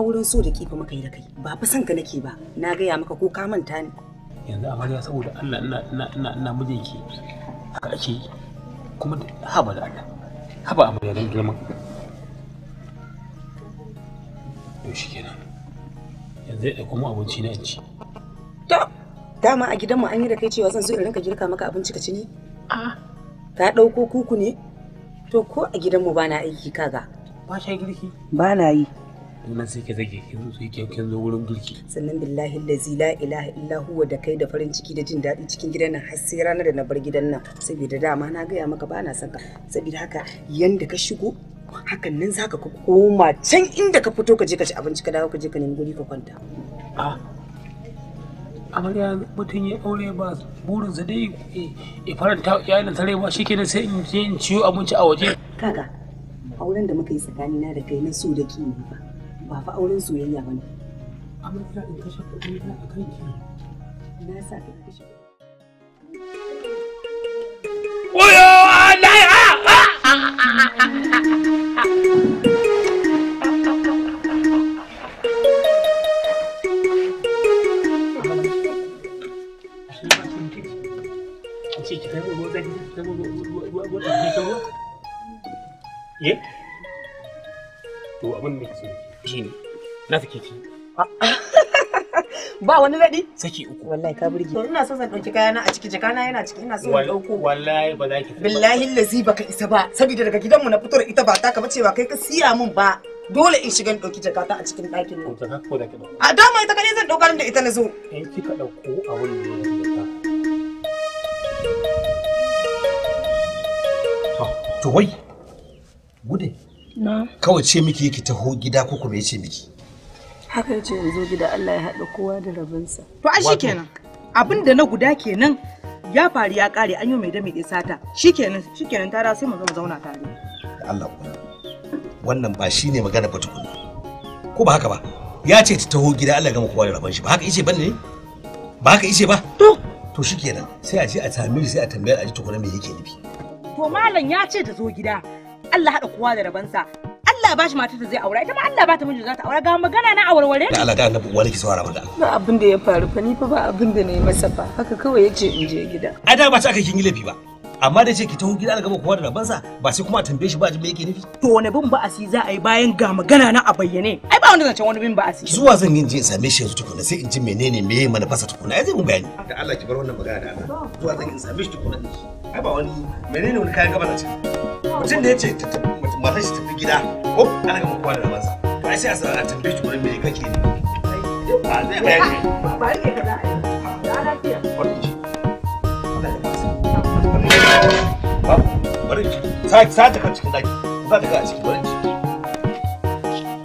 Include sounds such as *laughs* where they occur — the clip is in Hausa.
auren so da kifa maka yi da kai ba fa san ka nake ba na gaya maka ko ka manta ni yanzu amarya saboda Allah ina ina ina ina mijinki haka ake kuma haba da Allah haba amarya don girman to shi kenan yanzu ya ɗauko abinci na ci to dama a gidanmu an yi da kai cewa zan zo in rinka girka maka abinci ka ci ne a ka dauko kuku ne to ko a gidanmu ba na aiki kaga ba shi girki ba na yi nan sai ka zage ki zo ke kan zo wurin girki sannan billahi allazi la ilaha illa huwa da kai da farin ciki da jin daɗi cikin gidan nan har sai ranar da na bar gidan nan saboda dama na gaya maka ba na son ka saboda haka yanda ka shigo hakan nan zaka ka koma can inda ka fito ka je ka ci abinci ka dawo ka je ka nemi guri ka kwanta a amarya mutum ya aure ba burinsa dai eh, ya faranta iyalin sarai ba shi kenan sai in ciyo abinci a waje kaga auren da muka yi tsakanina da kai na so da ki ne ba Bapa fa auren soyayya ba ne. Amma kira in kashe kuɗi na a kan ki. Na sa ka kashe kuɗi. Oyo! Ya? Tu apa shi na sake ki ah. *laughs* ba wani daɗi saki uku wallahi ka burge ina so zan ɗauki kayana a ciki jakana yana ciki ina so zan dauko wallahi ba za ki billahi lazi baka isa ba saboda daga gidanmu na fito da ita ba ka bace ba kai ka siya min ba dole in shiga ɗauki jakata a cikin ɗakin nan a dama ita kaɗai zan dauka da ita na zo in kika dauko a wurin da to wai gude kawai ce miki yake taho gida ko kuma ya ce miki haka ya ce zo gida Allah ya haɗa kowa da rabinsa to a shi kenan da na guda kenan ya faru ya kare an yi mai da mai sata shikenan shikenan tara sai mu zo mu zauna tare Allah kuma wannan ba shine magana ba tukuna ko ba haka ba ya ce ta taho gida Allah gama kowa da rabon shi ba haka ice bane ba haka ice ba to to shikenan sai a je a sami sai a tambayar a ji tukuna me yake nufi to malam ya ce ta zo gida Allah haɗa kowa da rabansa Allah ba shi mata ta zai aura ita ma Allah ba ta miji za ta aura ga magana na awarware ne. Allah da annabi wani ki saurara maka ba abin da ya faru fa ni fa ba abin da nayi masa fa haka kawai yace in je gida a da ba ta aka kin yi laifi ba amma da ce ki taho gida gaba kowa da rabansa ba sai kuma a tambaye shi ba ji me yake nufi to wani bin ba'asi za a yi bayan ga magana na a bayyane ai ba wanda zance wani bin ba'asi zuwa zan yi in same shi yanzu tukuna sai in ji menene me mana fasa tukuna ai zai mun bayani da Allah ki bar wannan magana da Allah zuwa zan yi in same shi tukuna ai ba wani menene wani kayan gaba zancen mutum da ya ce matar shi tafi gida ko ana gama kowa da rabansa to ai a sanar tambaye shi gurin me kake ne ba zai bayani ba ba ne ka za a yi ba lafiya bari ki sa ta kan cikin daki za ta ga a cikin bari